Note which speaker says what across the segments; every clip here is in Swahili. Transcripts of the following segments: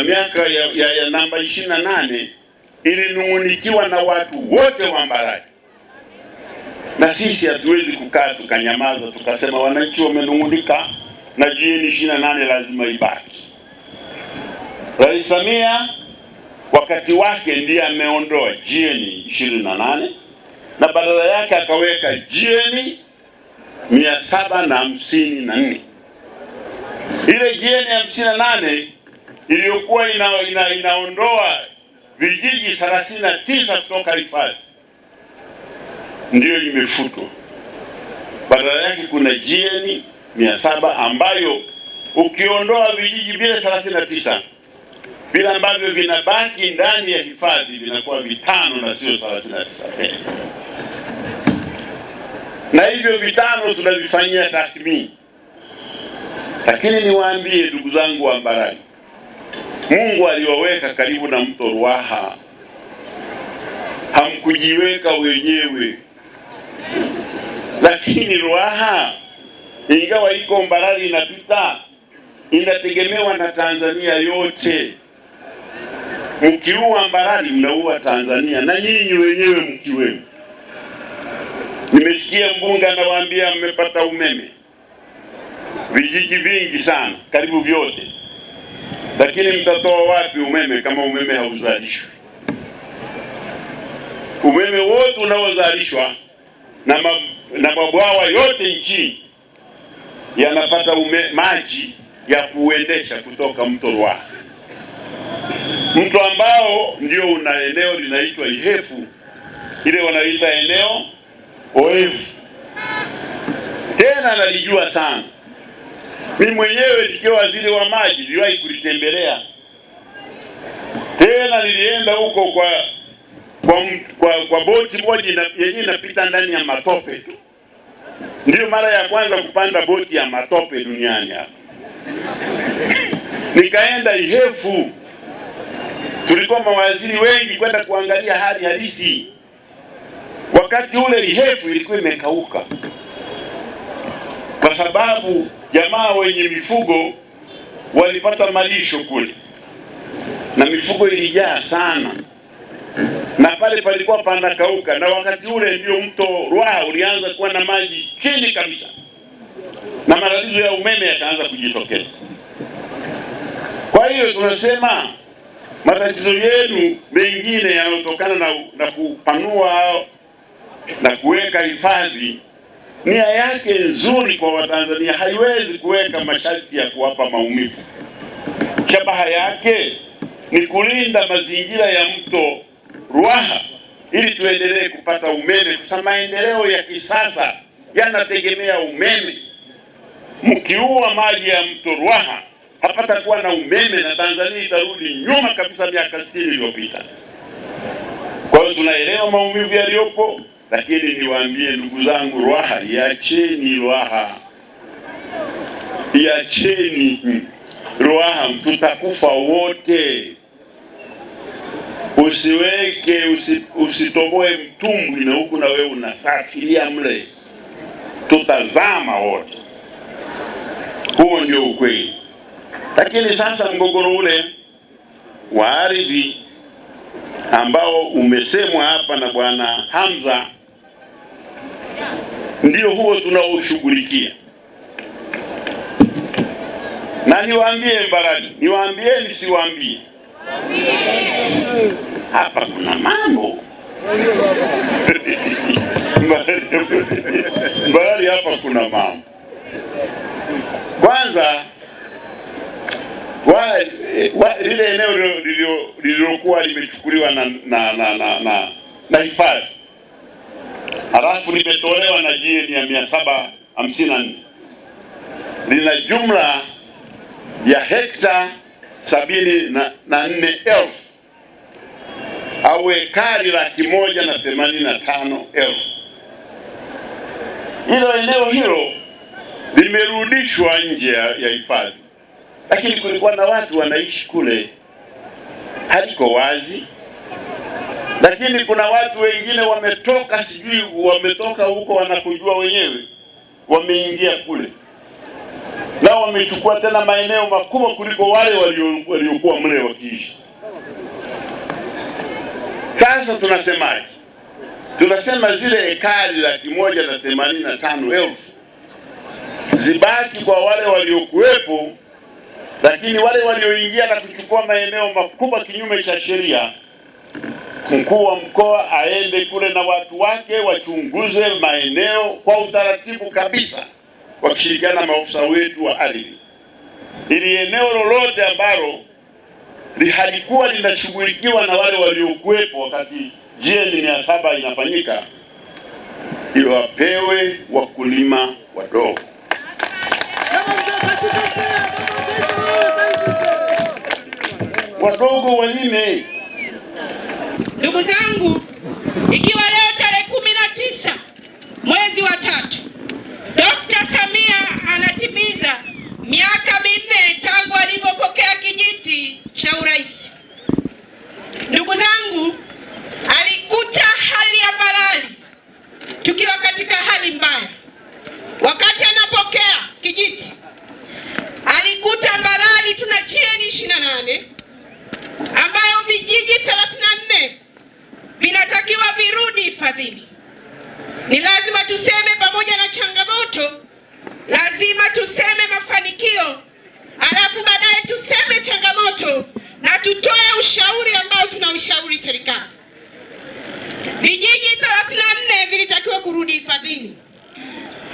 Speaker 1: ya miaka ya, ya, ya namba 28 ilinung'unikiwa na watu wote wa Mbarali, na sisi hatuwezi kukaa tukanyamaza tukasema wananchi wamenung'unika na GN28 lazima ibaki. Rais Samia wakati wake ndiye ameondoa GN28 na badala yake akaweka GN mia na Ile GN hamsini na nane iliyokuwa ina, ina, inaondoa vijiji 39 kutoka hifadhi ndiyo imefutwa. Badala yake kuna GN 700 ambayo ukiondoa vijiji vile 39 vile ambavyo vinabaki ndani ya hifadhi vinakuwa vitano na sio 39 na hivyo vitano tunavifanyia tathmini. Lakini niwaambie ndugu zangu wa Mbarali Mungu aliwaweka karibu na mto Ruaha, hamkujiweka wenyewe. Lakini Ruaha ingawa iko Mbarali inapita, inategemewa na Tanzania yote. Mkiua Mbarali mnaua Tanzania na nyinyi wenyewe mkiwemo. Nimesikia mbunge anawaambia mmepata umeme vijiji vingi sana, karibu vyote lakini mtatoa wapi umeme kama umeme hauzalishwi? Umeme wote unaozalishwa na, ma, na mabwawa yote nchini yanapata ume, maji ya kuuendesha kutoka mto Ruaha, mto ambao ndio una eneo linaitwa Ihefu, ile wanaita eneo oevu, tena nalijua sana mimi mwenyewe nikiwa waziri wa maji niliwahi kulitembelea, tena nilienda huko kwa kwa, kwa, kwa boti moja yenyewe inapita ndani ya matope tu. Ndiyo mara ya kwanza kupanda boti ya matope duniani hapa. Nikaenda Ihefu, tulikuwa mawaziri wengi kwenda kuangalia hali halisi. Wakati ule Ihefu ilikuwa imekauka kwa sababu jamaa wenye mifugo walipata malisho kule na mifugo ilijaa sana, na pale palikuwa panakauka, na wakati ule ndio mto Ruaha ulianza kuwa na maji chini kabisa, na matatizo ya umeme yakaanza kujitokeza. Kwa hiyo tunasema matatizo yenu mengine yanayotokana na, na kupanua na kuweka hifadhi nia yake nzuri kwa Watanzania haiwezi kuweka masharti ya kuwapa maumivu. Shabaha yake ni kulinda mazingira ya mto Ruaha ili tuendelee kupata umeme, kwa maendeleo ya kisasa yanategemea umeme. Mkiua maji ya mto Ruaha hapatakuwa na umeme na Tanzania itarudi nyuma kabisa miaka 60 iliyopita. Kwa hiyo tunaelewa maumivu yaliyopo. Lakini niwaambie ndugu zangu Ruaha, iacheni Ruaha, iacheni Ruaha, tutakufa wote. Usiweke usi, usitoboe mtumbwi na huku na wewe unasafiria mle, tutazama wote. Huo ndio ukweli. Lakini sasa mgogoro ule wa ardhi ambao umesemwa hapa na bwana Hamza ndio huo tunaoshughulikia. Na niwaambie Mbarali, niwaambieni, siwaambie hapa kuna mambo Mbarali hapa kuna mambo. Kwanza wa, wa, lile eneo lililokuwa limechukuliwa na, na, na, na, na, na hifadhi halafu nimetolewa na jini ya mia saba hamsini na nne lina jumla ya hekta sabini na nne elfu au ekari laki moja na themanini na tano elfu. Hilo eneo hilo limerudishwa nje ya hifadhi, lakini kulikuwa na watu wanaishi kule, haliko wazi. Lakini kuna watu wengine wametoka, sijui wametoka huko wanakujua wenyewe, wameingia kule nao wamechukua tena maeneo makubwa kuliko wale waliokuwa mle wakiishi. Sasa tunasemaje? Tunasema zile ekari laki moja na themanini na tano elfu zibaki kwa wale waliokuwepo, lakini wale walioingia na kuchukua maeneo makubwa kinyume cha sheria mkuu wa mkoa aende kule na watu wake wachunguze maeneo kwa utaratibu kabisa, wakishirikiana na maofisa wetu wa ardhi, ili eneo lolote ambalo halikuwa linashughulikiwa na wale waliokuwepo wakati GN mia saba inafanyika, iwapewe wakulima wadogo. Wadogo wanyime
Speaker 2: Ndugu zangu, ikiwa leo tarehe kumi na tisa mwezi wa tatu, Dr. Samia anatimiza miaka minne tangu alivyopokea kijiti cha urais. Ndugu zangu, alikuta hali ya mbarali tukiwa katika hali mbaya. Wakati anapokea kijiti alikuta balali tuna GN 28 ambayo vijiji vinatakiwa virudi hifadhini. Ni lazima tuseme pamoja na changamoto, lazima tuseme mafanikio, alafu baadaye tuseme changamoto na tutoe ushauri ambao tunaushauri serikali. Vijiji 34 vilitakiwa kurudi hifadhini.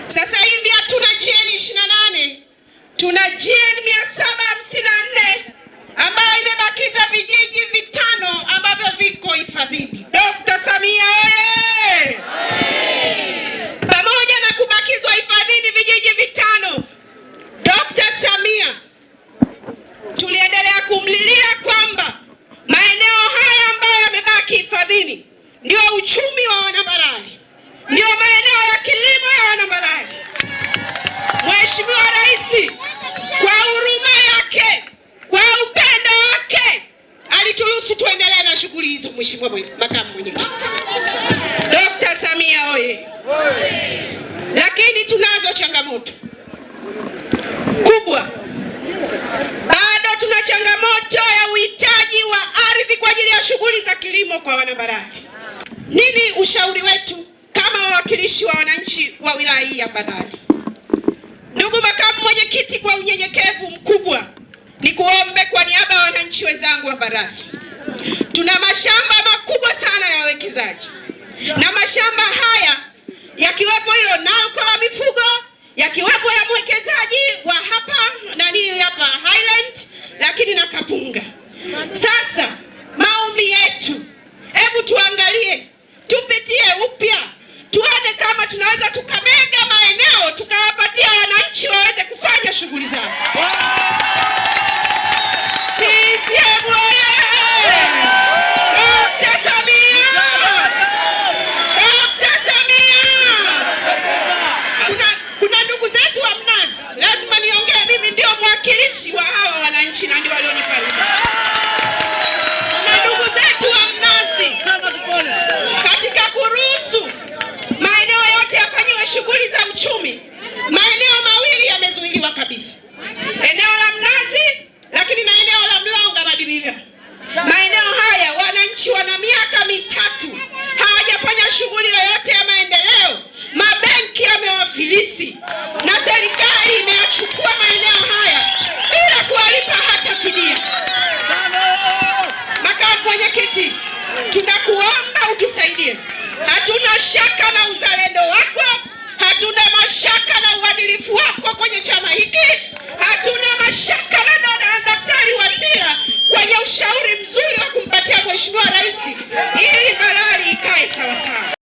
Speaker 2: Sasa hivi hatuna jeni 28, tuna jeni 754 ambayo imebaki ardhini, ndio uchumi wa Wanambarali, ndio maeneo ya kilimo ya Wanambarali. Mheshimiwa Rais kwa huruma yake, kwa upendo wake alituruhusu tuendelee na shughuli hizo. Mheshimiwa Makamu Mwenyekiti Dkt. Samia oye! Lakini tunazo changamoto kubwa kwa ajili ya shughuli za kilimo kwa Wanabaradi. Nini ushauri wetu kama wawakilishi wa wananchi wa wilaya hii ya Mbarali? Ndugu makamu mwenyekiti, kwa unyenyekevu mkubwa ni kuombe kwa niaba ya wananchi wenzangu wa Mbarali, tuna mashamba makubwa sana ya wawekezaji na mashamba haya yakiwepo hilo nalo kwa mifugo, yakiwepo ya mwekezaji wa hapa mashaka na uadilifu wako kwenye chama hiki. Hatuna mashaka na dada Daktari Wasira kwenye ushauri mzuri wa kumpatia Mheshimiwa Rais ili balali ikae sawasawa.